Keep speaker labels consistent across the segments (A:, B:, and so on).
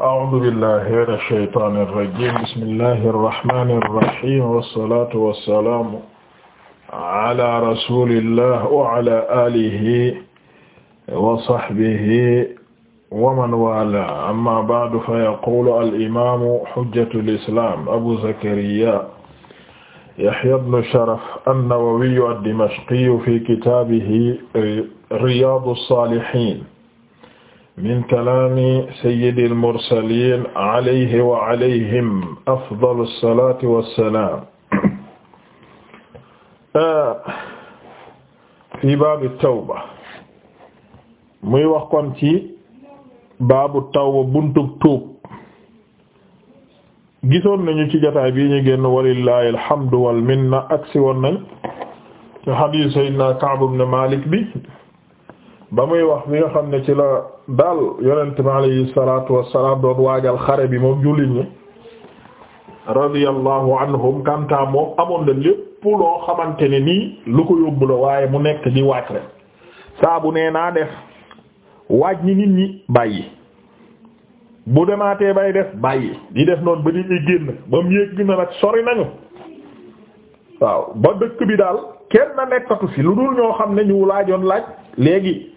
A: أعوذ بالله من الشيطان الرجيم بسم الله الرحمن الرحيم والصلاة والسلام على رسول الله وعلى آله وصحبه ومن والاه أما بعد فيقول الإمام حجة الإسلام أبو زكريا يحيى بن شرف النووي الدمشقي في كتابه رياض الصالحين min kalaami sayyidil mursaliin alayhi wa alayhim afdalu salaati wa salaam. fii baabu tawba muy wax kon ci baabu tawba buntu tuub gisoon nañu ci jotaay bii ñu génn walillaahi alhamdu wal minna agsi woon nañ ci hadiis sayyidinaa Ka'b ibn Maalik bi. ba muy wax bi nga xam ne ci la daal yonent bi alayhi salaatu wassalaam doon waajal xare bi moom jullit ñi radiyallahu anhum
B: kanta moom amoon la lépp loo xamante ne nii lu ko yóbbu la waaye mu nekk di waaj rek saa bu nee naa def waaj ñi nit ñi bàyyi bu demaatee bay def bàyyi di def noonu ba nit ñi génn ba mu yéeg na nag sori nañu waaw ba dëkk bi daal kenn na nekkatu fi lu dul ñoo xam ne ñu laajoon laaj léegi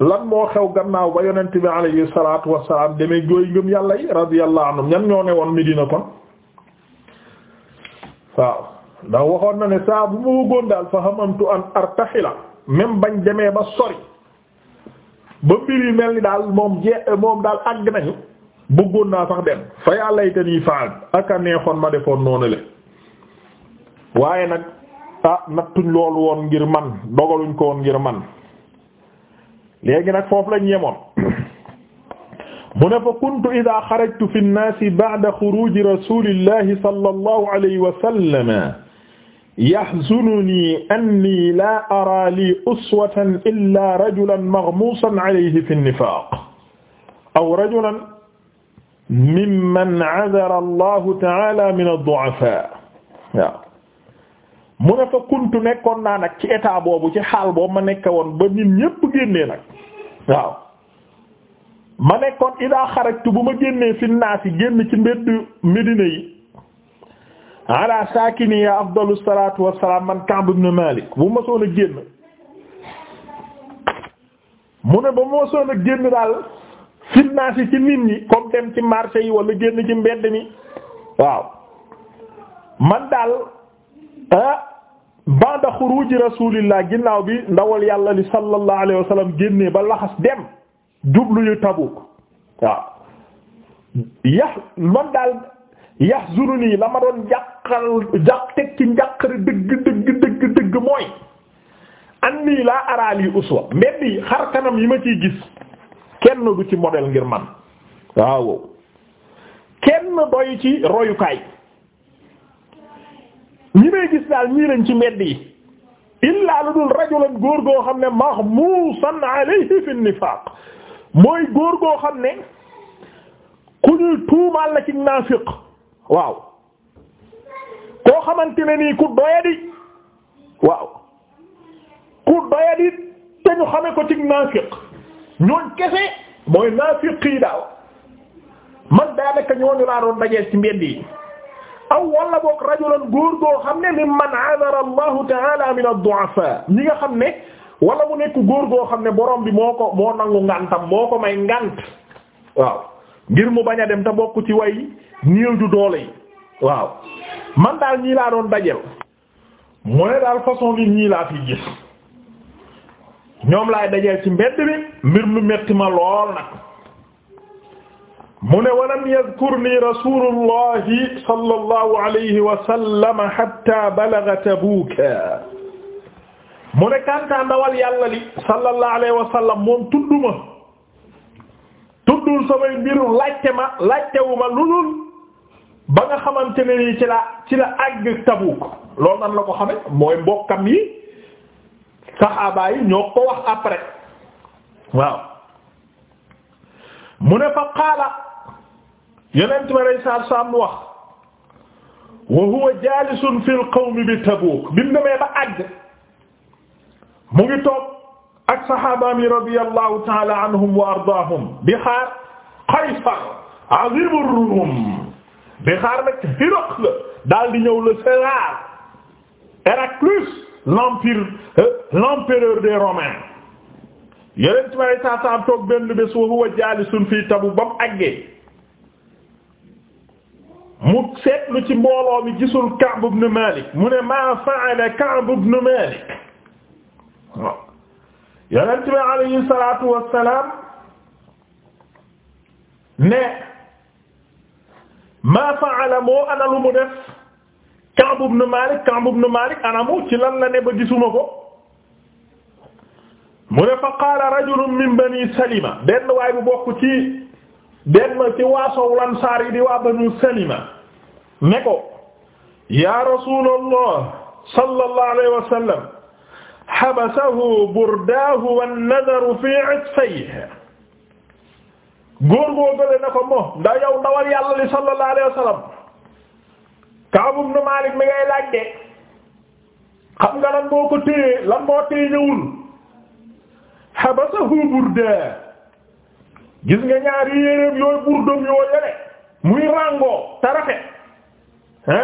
B: lan moo xew gannaaw ba yonent bi alayhi salaatu wassalaam demee jooy ngëm yàlla yi radiyallahu anhum ñan ñoo ne woon Medina kon waaw ndax waxoon na ne saa bu ma daal fa xamantu an artaxila même bañ demee ba sori ba mbir yi mel ni daal moom je moom daal àgg nañu bëggoon naa sax dem fa yaa laytanii faal aka neexoon ma defoon noonu le waaye nag ah nattuñ loolu woon ngir man dogaluñ ko woon ngir man léegi nag foofu lañ yemoon mu ne fa kuntu ida xarajtu fi nnaasi ba'da xuruji rasulillahi sallallahu alayhi wa sallam yahzununi anni laa araa lii uswatan illa rajulan maghmuusan alayhi fi nnifaaq aw rajulan mimman azara allahu ta'ala min
A: ad-du'afaa
B: mu ne fa kuntu nekkoon naa nag ci état boobu ci xaal boobu ma nekke woon ba nit ñépp génnee nag waaw ma nekkoon idaa xarajtu bu ma génnee fi yi génn ci mbedd Medina yi ala saakini ya afdalu salaatu wassalaam man Ka'b ibn Malik bu ma a génn mu ne ba ma soon a génn daal fi yi ci nit ñi comme dem ci marché yi wala génn ci mbedd mi waaw man daal ah, ba'da xuruji rasulillah ginnaaw bi ndawal yàlla li sallallahu alayhi wa sallam ba laxas dem jublu yu Tabuk waaw yax man daal yahzununi la ma doon jàqal jàq teg ci njàqare dëgg dëgg dëgg dëgg mooy anni laa araali uswa mbedd yi xar kanam yi ma ciy gis kenn du ci modèle ngir man waaw kenn doy ci royukaay ñi may gis daal ñii lañ ci mbedd yi illaa lu dul rajulan góor goo xam ne mahmuusan alayhi fi nifaaq mooy góor goo xam ne ku ñuy tuumaal la ci naafiq waaw koo xamante ne nii ku doyadi waaw ku doyadi te ñu xame ko ci naafiq ñooñ kese mooy naafiq yi daaw man daanaka ñooñu laa doon dajee ci mbedd yi aw wala boog rajulan góor goo xam ne mimman azara allahu taala min ad-du'afa ñi nga xam ne wala mu nekk góor goo xam ne borom bi moo ko moo nangu ngantam moo ko may ngant waaw ngir mu bañ a dem te bokk ci way néew ju doole yi waaw man daal ñii laa doon dajel mu ne daal façon li ñii laa fi gis ñoom laay dajeel ci mbedd bi mbir mu metti ma lool nag mu ne walam yadkur ni rasulullahi sallallahu alayhi wa sallam hatta balagha tabuka mu ne kantaa ndawal yàlla li alayhi wa sallam tudduma tuddul samay mbiru laajte ma lulul ba nga xamante ne nii ci la ci la àgg Tabuk loolu nan la ko xame mooy mbokkam yi saxaaba ñoo ko wax après waaw mu fa qaala yonent ma lay saar saam wax wa huwa jaalisun fil qawmi bi Tabuuk bi mu demee ba àgg mu ngi toog ak saxaabaam yi radiyallahu ta'ala anhum wa ardaahum di xaar Qaysar azimu Ruum di xaar nag Hiraql daal di ñëw le César Héraclius l'empire euh, l'empereur des Romains yonent ma lay saar saam mu seetlu ci mbooloo mi gisul Ka'b ibn Malik mu ne maa fa'ala Ka'b ibn Malik
A: waaw yonent
B: bi alayhi salaatu ne maa fa'ala moo ana lu mu def Ka'b ibn Malik Ka'b ibn Malik ana mu ci lan la ne ba gisuma ko mu fa qaala rajulun min bani Salima benn waay bu bokk ci benn ci waa soow ansaar yi di waa banu salima ne ko yaa rasuulallah sallallahu alayhi wa sallam habasahu burdaahu wan nadaru fi itfayhi góor goo gële na ko moo nda yow ndawal yàlla li sallallahu alayhi wa sallam Kaab ibn Maalik mi ngay laaj de xam nga lan moo ko téye lan moo téye ñëwul habasahu burdaa gis nga ñaari yéreem yooyu pour dëm yoo yene muy ràngoo te hein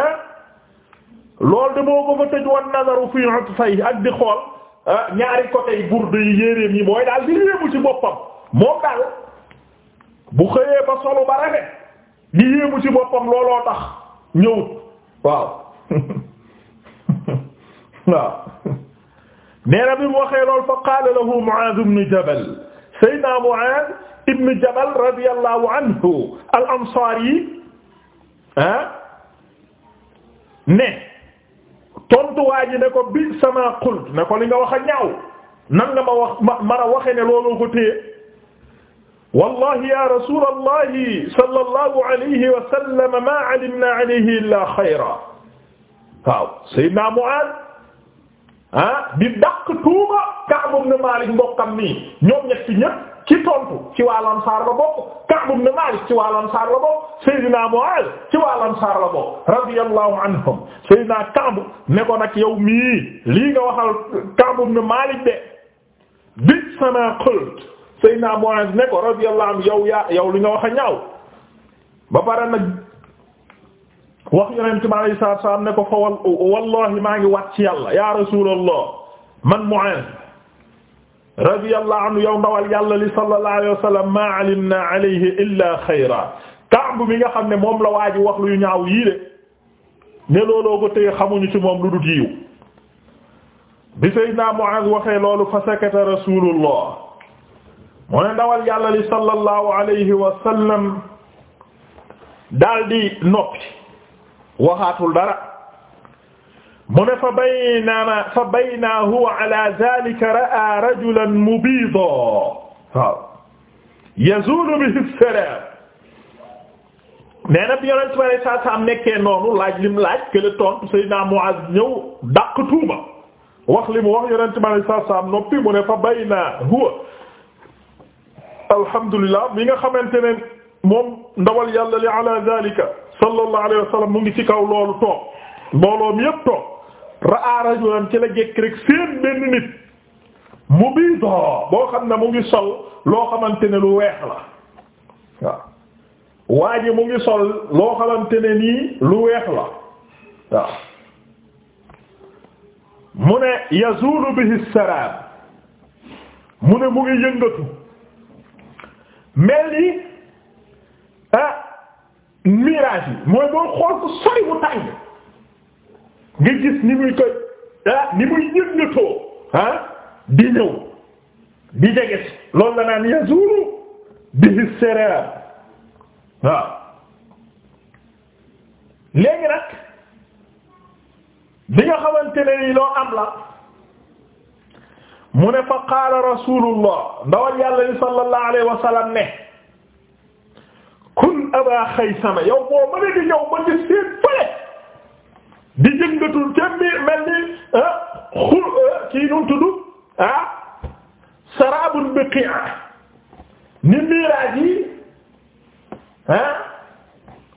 B: loolu de boo ko fa tëj wan nazaru fii atfay ak di xool ah, ñaari côté yi yi yéreem yi daal di yéemu ci boppam moom daal bu xëyee ba solo ba rafet di yéemu ci boppam looloo tax ñëwut waaw waaw nee na bi mu waxee lool fa qaala lahu Mu'aaz ibn Jabal sayyidina Mu'aaz ibn Jabal radiyallahu anhu al-Ansari ah ne tontu waa ji ne ko bi sama qult ne ko li nga wax a ñaaw nan nga ma wax ma man a waxe ne looloo ko téye wallahi ya rasulallahi sallallahu alayhi wa sallam ma alimna alayhi illa xayra waaw sayyidna Mu'aaz ah di dàq tuuma Ka'b ibn Maalik mbokkam nii ñoom ñetti ñépp ci tontu ci waa Ansaar la bokk Ka'b ibn Maalik ci waa Ansaar la bokk Seydina Mu'aaz ci waa Ansaar la bokk radiyallahu anhum Seydina Ka'b ne ko nag yow mii lii nga waxal Ka'b ibn Maalik de bi'sa maa qult Seydina Mu'aaz ne ko radiyallahu anhu yow yaa yow li nga wax a ñaaw ba pare nag wax Yonent bi alayhi salaatu wa salaam ne ci yàlla ya Rasuulallah radiyallahu yow ndawal yàlla li sallallahu ma alimna alayhi illa xayra Kaab bi nga xam ne moom la waa ji wax lu ñaaw yii de ne looloo ko tëye xamuñu ci moom lu dul yiw bi Seydina Muaz waxee loolu fa sakata rasulullah mu ne ndawal yàlla li sallallahu alayhi wa sallam daldi noppi waxaatul dara mu ne fa baynama fa bayna huwa ala zalika ra'a rajulan mubida waaw yazulu bihi salam nee na bi yonent bi alei saat salaam nekkee noonu laaj lim laaj que le tontu Seydina Muaz ñëw dàq tuuma wax li mu wax yonent bi alei saat noppi mu fa bayna huwa alhamdulillah mi nga xamante ne moom ndawal yàlla li ala zalika sallallahu alayhi wa sallam mu ngi ci kaw loolu toog mbooloo mi yépp ra'a rajulan ci la jekk rek seen benn nit mu bii boo xam ne mu ngi sol loo xamante ne lu weex la waaw mu ngi sol loo xamante ne nii lu weex la mu ne yazulu bihi mu ne mu ngi yëngatu mel ni ah yi mooy boo xool ko sori mu tàng nga gis ni muy koy ah ni muy yëngatoo ah di ñëw di jege si loolu la naan yazulu bihi siraar waaw léegi nag bi nga xamante ne loo am la mu ne fa qaala rasulullah ndawal yàlla ni sallallahu alayhi wa ne kun aba xaysama yow boo mën a di ñëw ba gis seen fële di yëngatul ca biir mel ni ah, xul ah, kii nu tudd ah sarabul biqi'a ni miraaj yi ah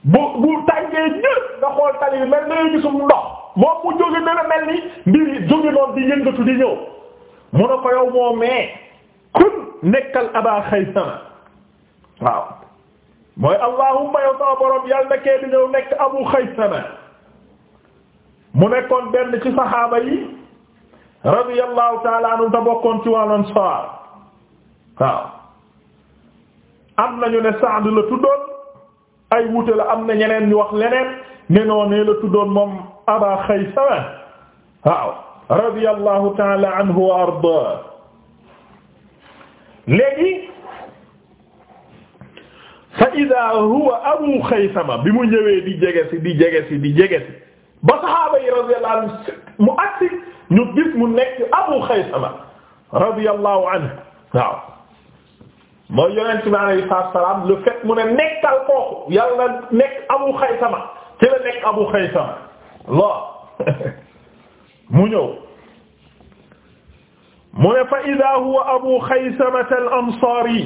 B: bu bu tàngee ñëpp nga xool tali bi mel na gisum ndox moom mu jóge dana mel ni mbiri jóge noonu di yëngatu di ñëw mu ne ko yow moo mee kun nekkal aba xaysama waaw mooy allahumma yow sama borom yàlla na kee di ñëw nekk abu xaysama mu nekkoon benn ci saxaaba yi radiyallahu taala anhu te ci wàllu waaw am nañu ne Saad la tuddoon ay wute la am na ñeneen ñu wax leneen ne noo la tuddoon moom Aba Xaysama waaw radiyallahu taala anhu wa arda léegi fa idaa huwa Abu Xaysama bi mu ñëwee di jege si di jege si di jege si ba saxaaba yi radiyallahu anhu mu agsi ñu gis mu nekk Abu Xaysama radiyallahu anhu waaw mooy yonent bi alayhi salaam le fait mu ne nekkal kooku yàlla nekk Abu Xaysama ci la nekk Abu Xaysama lool mu ñëw mu ne fa idaa huwa Abu Xaysama al-Ansaari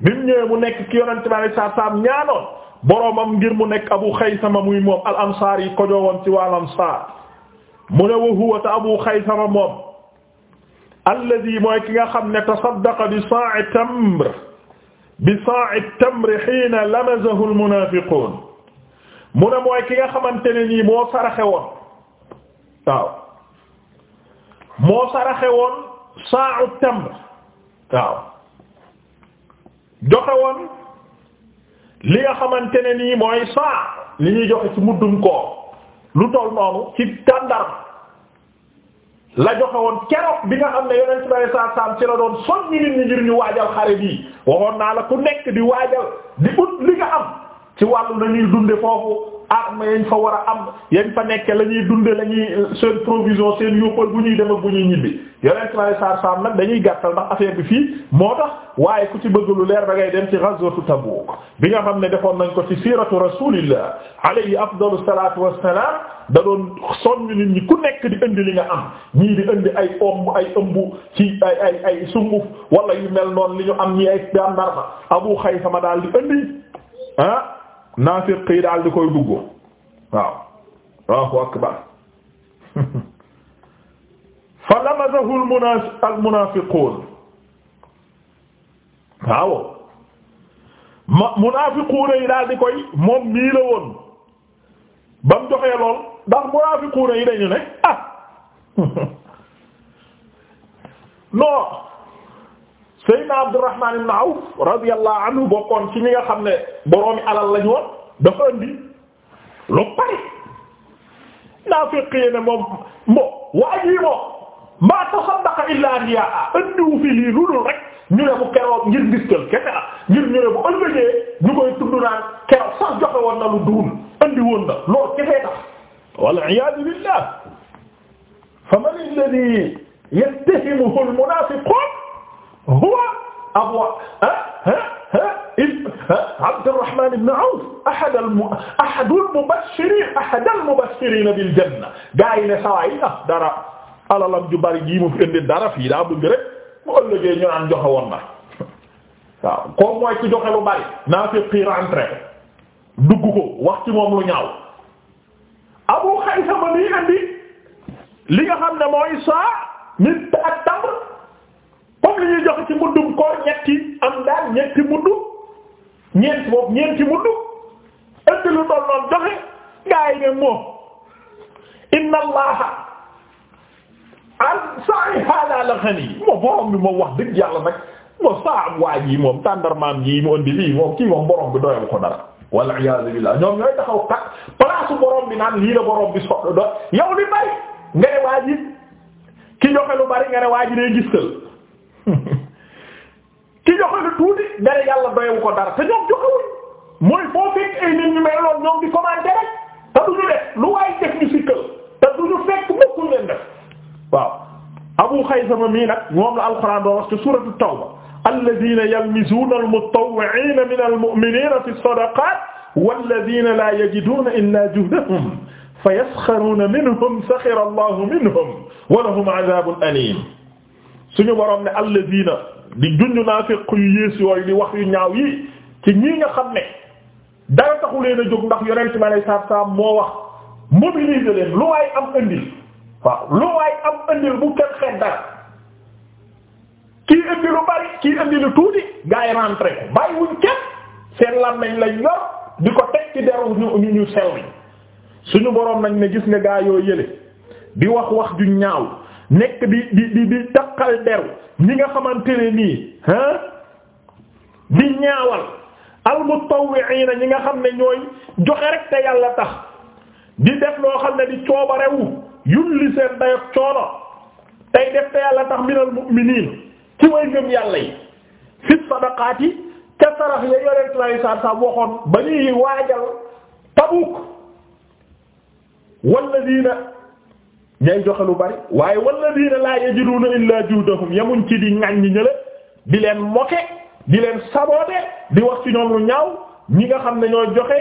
B: bi mu ñëwee mu nekk ki yonent bi alayhi salaam ñaanoon boromam ngir mu nekk abu xaysama muy moom al ko joowoon ci wal ansaar mu ne wa huwa ta abu xaysama moom alladi mooy ki nga xam ne tasaddaqa bi saa'i tamr bi saa'i tamr hiina lamazahu al mu ne mooy ki nga xamante ne nii moo saraxe woon waaw moo saa woon tamr waaw joxe li nga xamante ne nii mooy saa li ñuy joxe ci muddum koor lu toll noonu ci tàndar la joxe woon keroog bi nga xam ne yonent bare saa saam ci la doon soññi nit ñi ngir ñu waajal xare bii waxoon naa la ku nekk di waajal di ut li nga am ci wàllu nañuy dunde foofu arme yañ fa war a am yañ fa nekk la ñuy dunde la ñuy euh, seen provision seen yóbbal bu ñuy dem bu ñuy ñibbi yeneen ci laay saar saam nag dañuy gàttal ndax affaire bi fii moo tax waaye ku ci bëgg lu leer da ngay dem ci ghazwatu Tabuk bi nga xam ne defoon nañ ko ci siiratu rasulillah alayhi afdalu salaatu wassalaam da doon sonn nit ñi ku nekk di indi li nga am ñii di indi ay omb ay ëmb ci ay ay ay sunguf wala yu mel noonu li ñu am ñi ay daan darma Abu Xaysama daal di indi ah, naafiq yi daal di koy dugg waaw Allahu akbar fa lamasahu al munaafiquun waaw ma munaafiquun yi daal di koy moom mii la woon ba mu joxee lool ndax munaafiquun yi dañu ne ah non. Seydina Abdurrahman ibn Awf radiyallahu anhu bokkoon ci ñi nga xam ne alal lañu woon dafa andi lu pare naa fekkee ne moom moo waa fi lii rek ñu ne bu keroog ngir ngistal kese la ngir ñu ne bu ëllëgee ñu koy tudd naan keroog sax joxe woon na lu duun andi woon na loolu kese tax wal iyaadu billah faman al munaafiqun abu Abdurrahman ibn Awf ahad al ahad al mubashirin ahad al mubashirin bil janna gaa yi ne sawaay ah dara alalam ju bari ji mu fi indi dara fii daa bëgg rek mu ëllëgee ñu naan joxe woon na waaw kooku mooy ku joxe lu bari naa fi pire entrée dugg ko wax ci moom lu ñaaw Abu Xaysama li indi li nga xam ne mooy saa nit ak comme li ñuy jox ci muddum koor ñetti am daal ñetti muddu ñeent boobu ñeenti muddu lu doon noon joxe gaa yi ne moom inna allaha an sa'i hada la ghani moom borom bi moom wax dëgg yàlla nag moom saa am waa ji moom tàndarmaam ji mu ëndi lii moom kii moom borom bi doyal ko dara wal iyaazu billaah ñoom ñooy taxaw kat place borom bi naan lii la borom bi soxla do yow li bari nga ne ki joxe lu bari nga ne waa ki joxe lu tuuti dara yàlla doyewu ko dara te ñoom joxewuñ mooy foo fekk ay nit ñu mel noonu ñoom di commenter rek te du ñu def lu waaye def ñu sikkal te du ñu fekk bokkul leen def waaw abu xaysama mii nag moom la alxuraan doo wax ci suuratu tawba alladina yalmizuuna almutawwi'iina min almu'miniina fi sadaqaat walladina laa yajiduuna illaa juhdahum fa yasxaruuna minhum saxira allahu minhum wa lahum azaabun aliim suñu borom ne allazina di junj naafiq yu yées yooyu di wax yu ñaaw yi ci ñii nga xam ne dara taxu leen a jóg ndax yonent ma lay saab saab moo wax mobiliser leen lu waay am andil waaw lu waay am andil bu kenn xeet dara kii indi bari kii indi tuuti gaa yi rentré ko bàyyiwuñ kenn seen làmmiñ lañ yor di ko teg ci deru ñu ñu ñu selwi suñu borom nañ ne gis nga gaa yoo yële di wax wax ju ñaaw nekk di di di di taqal ñi nga xamante ne nii ah di ñaawal almutawwi'ina ñi nga xam ne ñooy joxe rek te yàlla tax di def loo xam ne di coobarewu yulli seen dayo coono tey def te yàlla tax minal mu'miniin ci way ngëm yàlla yi fit sadaqaati ca sarax ya yorent lay sa sa waxoon ba ñuy waajal Tabuk walladina ñay joxe lu bari waaye walladiina laa yajiduuna illaa juhdahum yamuñ ci di ŋaññi ñële di leen moke di leen saboote di wax ci ñoom lu ñaaw ñi nga xam ne ñoo joxe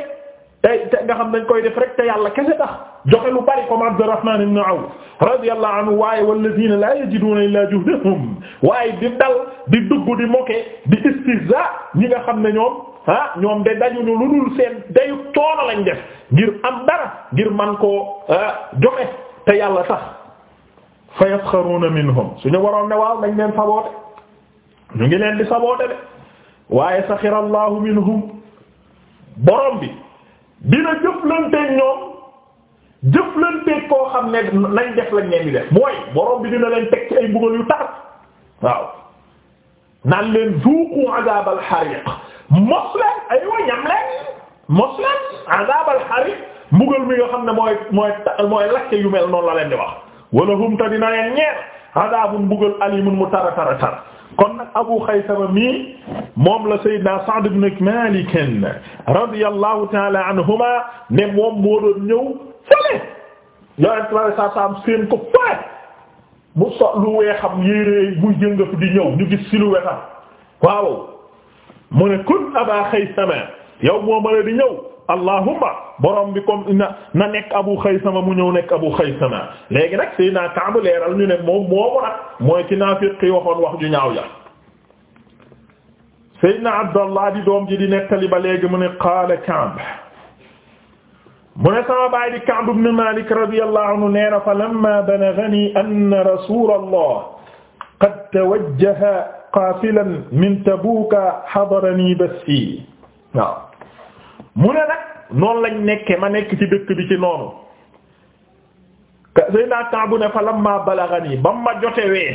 B: tey te nga xam dañ koy def rek yàlla kese tax joxe lu bari comme Abdurrahman ibn Awf radiyallahu anhu waaye walladiina laa yajiduuna illaa juhdahum waaye di dal di dugg di moke di istihzaa ñi nga xam ne ñoom. ah ñoom de dañuñu lu dul seen dayu coono lañ def ngir am dara ngir man koo joxe te yàlla tax fa yasxaruuna minhum suñu waroon ne waaw nañ leen saboote leen di saboote de waaye saxira allahu minhum borom bi dina jëflanteeg ñoom jëflanteeg koo xam ne nañ def lañ leen di def mooy borom dina leen teg ay mbugal yu tar waaw naan leen al hariq mos ay wa ñam moslan azab al harir mbugal mi nga xam ne mooy mooy mooy lacce yu mel noonu la leen di wax wala hum ta dina leen ñeer azabun mbugal mu tara tara tara kon nag Abu Xaysama mi moom la Seydina Sa'd ibn Maalik radiyallahu ta'ala anhuma ne moom moo doon ñëw fële yonent bi alayhi salaam seen ko mu so lu weexam yéere muy jëngatu di ñëw ñu gis silhouette am waaw mu ne kun Aba Xaysama yow moo ma di ñëw allahumma borom bi comme na na nekk abu xaysama mu ñëw nekk abu xaysama léegi nag sëy naa kaabu leeral ñu ne moom moo ko nag mooy ci naafiq yi waxoon wax ju ñaaw ja saydna abdallah di doom ji di nettali ba léegi mu ne qaala Ka'b mu ne sama baay di Ka'b ibn Malik radiyallahu anhu nee na fa lamma balaghani anna rasulallah qad tawajjaha qaafilan min Tabuuka hadarani bassi waaw mu ne nag noonu lañ nekke ma nekk ci dëkk bi ci noonu Seydina Kaabu ne fa lamma balaghani ba ma jotewee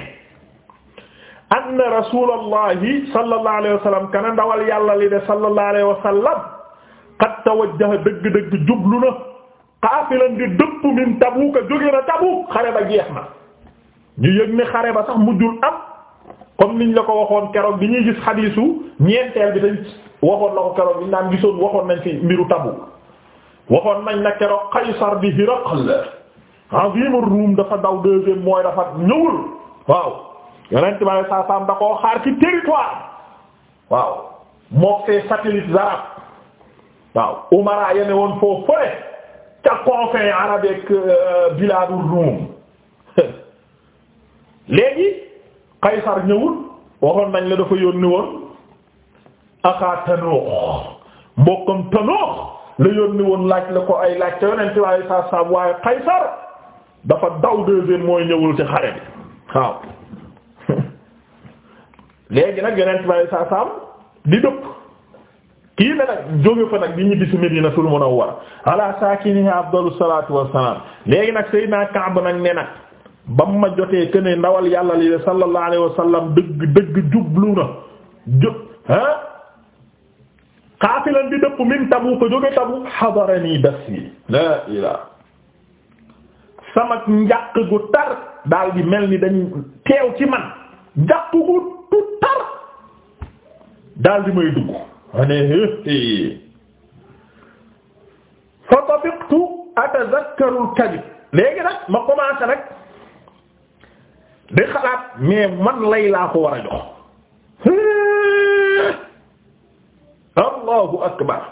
B: anna rasulallahi sallallahu alayhi wa sallam kana ndawal yàlla li de sallallahu alayhi wa sallam a tawajjaha dëgg-dëgg jublu na qaafilan di dëpp min Tabuk jóge na Tabuk xare ba jeex na ñu yëg ne xare ba sax mujjul am comme niñ la ko waxoon keroog bi ñuy gis xadiisu ñeenteel bi dañ waxoon na ko keroog bi ñu naan gisoon waxoon nañ ci mbiru tabu waxoon nañ na keroog Qaysar bi Hiraql azim ar dafa daw deuxième mooy dafa ñëwul waaw yonent bi saa saam da koo xaar ci territoire waaw mook ses satellites arabes waaw umara yene woon foofu fële ca confins arabes ak euh, biladu Rum léegi ñëwul waxoon nañ la dafa yónni woon axaa tanoox mbokkam tanoox la yónni woon laaj la ko ay laaj te yonent waaye saa saab waaye Qaysar dafa daw deuxième mooy ñëwul ci xare bi
A: waaw
B: léegi nag yonent waaye saab di dëpp kii ne nag jóge fa nag di ñibbi ci Madinatul Munawwara ala saakiniha afdalu salaatu wassalaam léegi nag naa Kaab nag ne nag ba mu ma jotee que ne ndawal yàlla li sallallahu alayhi wa sallam dëgg dëgg jublu na jub ah xaafilan di dëpp min tabu ko jóge tabu xadarani bas yi
A: la ilaa
B: sama njàq gu tar daal di mel ni dañ teew ci man njàq gu tu tar daal di may dugg ma ne hé fa tafiqtu atazakkaru al-kadhib léegi nag ma commencé nag di xalaat mais man lay laa ko war a jox allahu akbar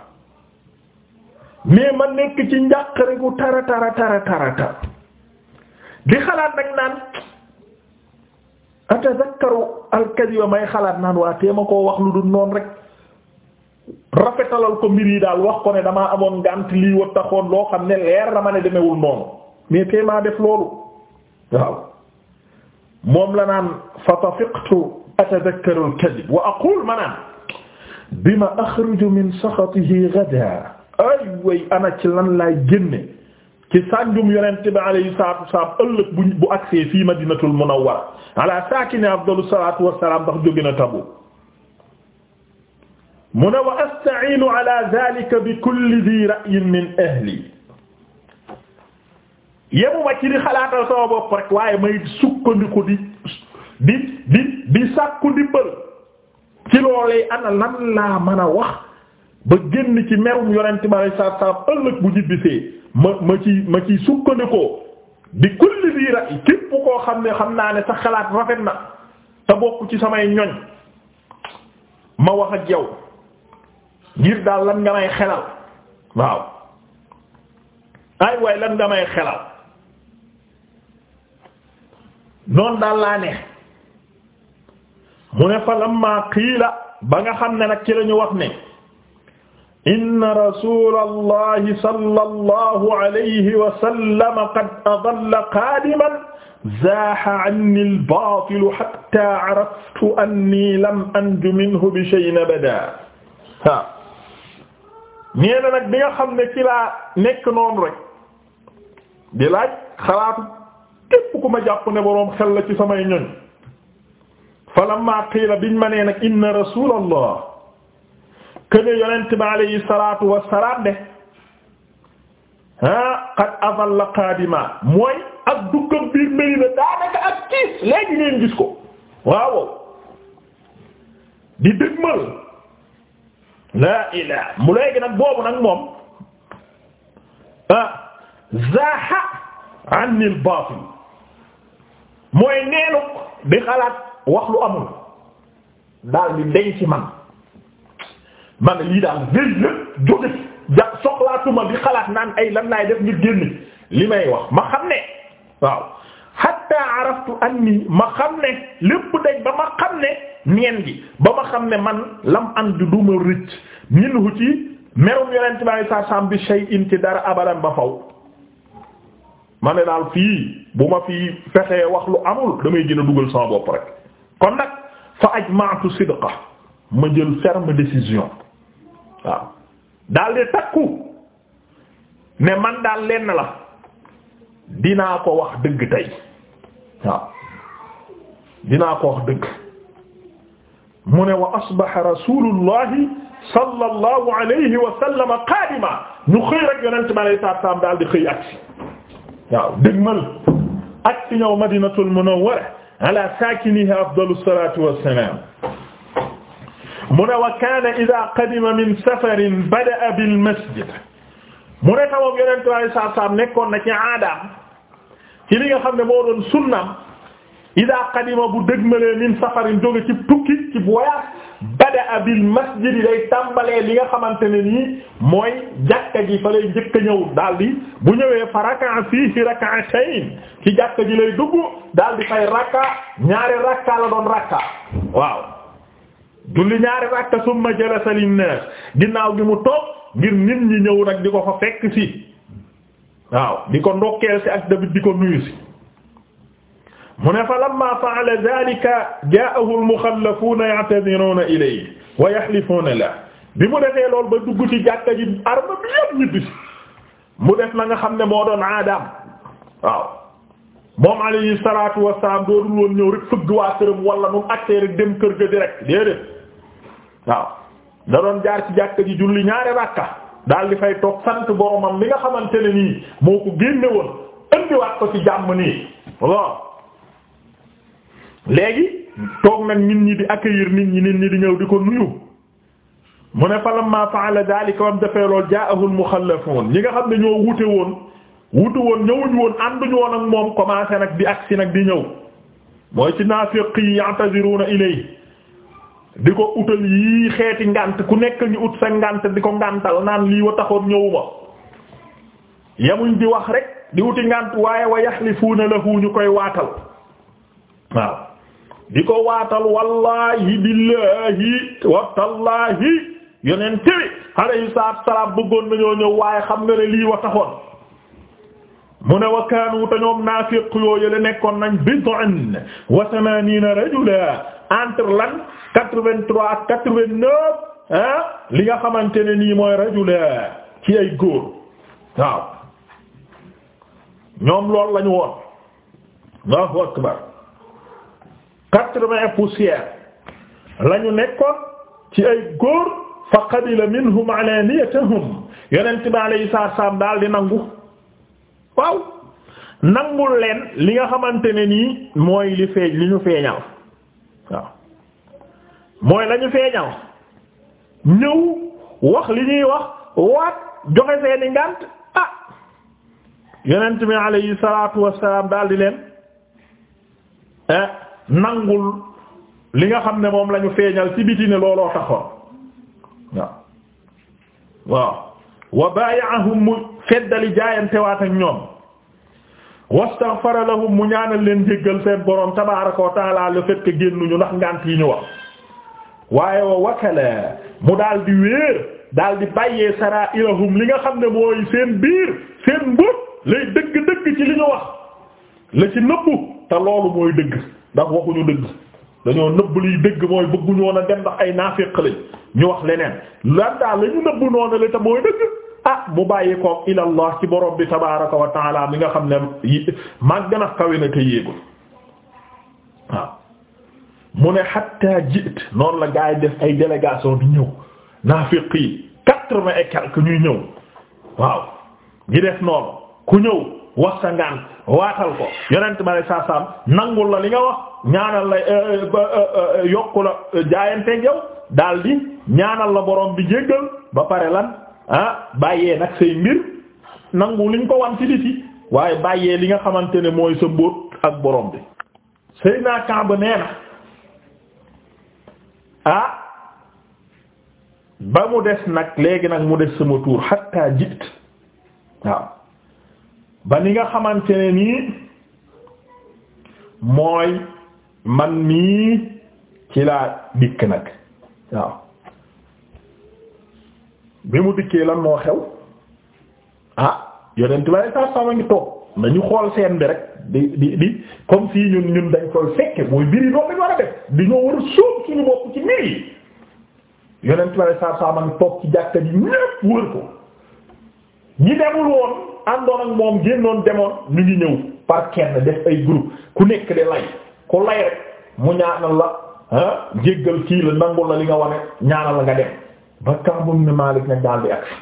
B: mais ma nekk ci njàqare gu tara tara tara tara tara xalaat nag naan atazakkaru alkadiba xalaat naan waa tee ma koo wax lu dul noonu rek rafetalal ko mbir yi daal wax ko ne damaa amoon ngànt lii wa taxoon loo xam ne leer na ma ne demewul noonu mais tee maa def loolu waaw moom la naan fa tafiqtu atazakkaru alkadib wa aqul ma naan bima axruju min saxatihi ghadan ay way ana ci lan laay génne ci sànjum yonent bi alayhi salaatu wasalaam ëllëg bu bu agsee fii madinatul munawwara ala saakini afdalu salaatu wasalaam ndax jóge na tabu mu ne wa asta'iinu ala zaalika bi kulli dhi ra'yin min ahli yemuma ci di xalaatal sama bopp rek waaye may sukkandiku di di di di sàkku ndimbal ci loolee ana lan laa mën a wax ba génn ci merum yonent bi alay saab saab ëllëg bu jibbisee ma ma ci ma ci sukkandikoo di kulli bii ra képp koo xam ne xam naa ne sa xalaat rafet na te bokk ci samay ñoñ ma wax ak yow ngir daal lan nga may xelal waaw ay waay lan nga may xelal noonu daal laa ne mu ne fa lamma qiila ba nga xam ne nag ci la ñu wax ne inna rasulallahi sallallahu alayhi wa sallam qad adalla qaadiman zaaha anni al-baatilu hatta araftu anni lam anju minhu bi shay'in abada ha nee na nag bi nga xam ne ci laa nekk noonu rek di laaj xalaatu képp ku ma jàpp ne boroom xel la ci samay ñoñ falamma qiila biñ ma nee nag inna rasulallah kene yonent bi alayhi salaatu wassalaam de ah qad adalla qaadima mooy ak duggam biir Medina daanaka ak tiis léegi ngeen gis ko waaw di dëgmal laa ilaa mu léegi nag boobu nag moom ah zaaha anil baatil mooy neenu di xalaat. wax lu amul daal di denc man man lii daal vég na jóge ja soxlaatuma bi xalaat naan ay lan laay def ngir génn li may wax ma xam ne waaw hatta araftu anni ma xam ne lépp daj ba ma xam ne neen gi ba ma xam ne man lam an di duma rëcc minhu ci merum yonent bi alei sat bi shay'in ci dara abadan ba faw ma ne daal fii bu ma fii fexee wax lu amul damay gën a dugal sama bopp rek kon nag fa ajma'tu sidqa ma jël ferme décision waaw daal di takku ne man daal lenn la dinaa ko wax dëgg tey waaw dinaa ko wax dëgg mu ne wa asbaha rasulullahi sallallahu alayhi wa sallam qaadima ñu xëy rek yonent bi alayhi salaatu salaam daal di xëy agsi waaw dëgmal agsi ñëw madinatul munawwara ala saakiniha afdalu salaatu wassalaam mu ne wa kaana idaa qadima min safarin bada'a bil masjid mu ne tawoog yonent bi alayhi salaatu salaam nekkoon na ci aadaam ci li nga xam ne moo doon sunnaam idaa qadima bu dëgmalee min safarin jóge ci tukki ci voyage bada bil masjid yi day tàmbalee li nga xamante ne nii mooy jàkka ji fa lay njëkk a ñëw daal di bu ñëwee fa raka fiihi rak'atayn ci jàkka ji lay dugg daal di fay rakka ñaari rakka la doon rakka waaw julli ñaari rakka summa jalasa linnaas ginnaaw gi mu toog ngir nit ñi ñëw nag di ko fa fekk si waaw di ko ndokkeel si ak dabit di ko nuyu si mu ne fa lamma fa'ala dhalika jaa'ahu al-mukhallafuuna ya'tadiruuna ilayhi wa yahlifuuna bi mu defee lool ba dugg ci jàkka ji arma bi yëpp mu def la nga xam ne moo doon aadaam waaw moom alayhi salaatu wassalaam doonul woon ñëw rek fëgg waa këram walla nu mu àttee dem kër ga direct déedéet waaw da doon jaar ci jàkka ji julli ñaari rakka daal di fay toog sant boromam mi nga xamante ni nii moo ko génne woon indiwaat ko ci jàmm ni waaw. léegi toog nag nit ñi di accueillir nit ñi nit ñi di ñëw di ko nuyu mu ne falamma fa'ala dhalika wam defee lool ja'ahu al-mukhallafun ñi nga xam ne ñoo wute woon wute woon ñëwuñ woon ànduñu woon ak moom commencé nag di agsi nag di ñëw mooy ci naafiq yi ya'taziruna ilay di ko utal yi xeeti ngànt ku nekk ñu ut sa ngànt di ko ngàntal naan lii wa taxoon ñëwuma yamuñ di wax rek di wuti ngànt waaye wa yaxlifuuna lahu ñu koy waatal
A: waaw di
B: ko waatal wallahi billahi wa tallahi yonent bi alayhi salaatu salaam bëggoon nañoo ñëw waaye xam nga ne lii wa taxoon mu ne wa kaanu te ñoom naafiq yooyu la nekkoon nañ bid'an wa thamaniina rajula entre lan quatre-vingt-trois ak quatre-vingt-neuf ah li nga xamante ne nii mooy rajula ci ay góor waaw ñoom loolu lañu woon Allahu akbar quatre-vingts poussières lañu ñu nekkoon ci ay góor fa qabila minhum alaniyatahum yonent bi alayhi salaam daal di nangu waaw nangul leen li nga xamante ne nii mooy li feeñ li ñu feeñal waaw mooy la feeñal ñëw wax li ñuy wax waat joxe seeni ngànt ah yonent bi alayhi salaatu wassalaam daal di leen eh, nangul li nga xam ne moom lañu ñu feeñal ci biti ne looloo taxoon waaw waaw wa baaya'ahum mu feddali jaayantewaat ak ñoom wastaghfara lahum mu ñaanal leen jéggal seen boroom tabaaraka wa taala le fait que génnuñu ndax ngànt yi ñu wax waaye wa wakala mu daal di wéer daal bàyyee saraa'irahum li nga xam ne mooy seen biir seen mbóot lay dëgg-dëgg ci li ñu wax la ci nëbbu te loolu mooy dëgg ndax waxuñu dëgg dañoo nëbb liy dëgg mooy bëgguñu woon a dem ndax ay naafeq lañ ñu wax leneen lan daal nëbb noonu la te mooy dëgg ah mu bàyyi ko ilallah ci boroom bi tabaaraka wa taala nga xam ne màgg na kawe na te waaw mu ne hatta jiit noonu la gaa yi def ay délégation di ñëw naafeq yi quatre-vingt et quelques ñuy ñëw waaw ñi def noonu ku ñëw wax sa ngaan waatal ko yonent ma lay saa saam la li nga wax ñaanal la euh, euh, euh, yokku la jaayanteeg yow daal di ñaanal la borom bi jéggal ba pare lan ah bàyyee nag say mbir nangu liñ ko wan ci waaye bàyyee li nga xamante ne mooy sa mbóot ak borom bi Seydina Kaab nee na ah, ba mu des nag léegi nag mu des sama tuur hatta jiit waaw ba ni nga xamante ne nii mooy man mii ci laa dikk nag waaw bi mu dikkee lan moo xew ah yonent ba saa saa toog nañu xool seen bi rek di di di comme ci ñun ñun dañ koy fekke mooy mbir yi loolu lañ war a def di ñoo war a sóob suñu bopp ci mbir yi yonent ba saa saa toog ci jàkka ji ñépp wër ko ñi demul woon àndoon ak moom génnoon demoon ñu ngi ñëw par kenn def ay groupe ku nekk de lay ku lay rek mu ñaanal la ah jéggal kii la nangul la li nga wane ñaanal la nga dem ba Kaabum ne Maalik nag daal di agsi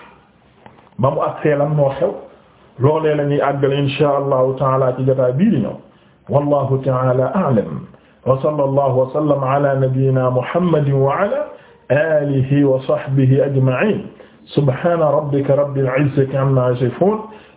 B: ba mu agsee lan moo xew loolee la ñuy àggal insha
A: allahu taala ci jotaay bii di ñëw wallahu taala a'lam wa sallallahu wa sallam ala nabiyyina muhammadin wa ala alihi wa sahbihi ajma'in subhana rabbika rabbil izzati amma yasifun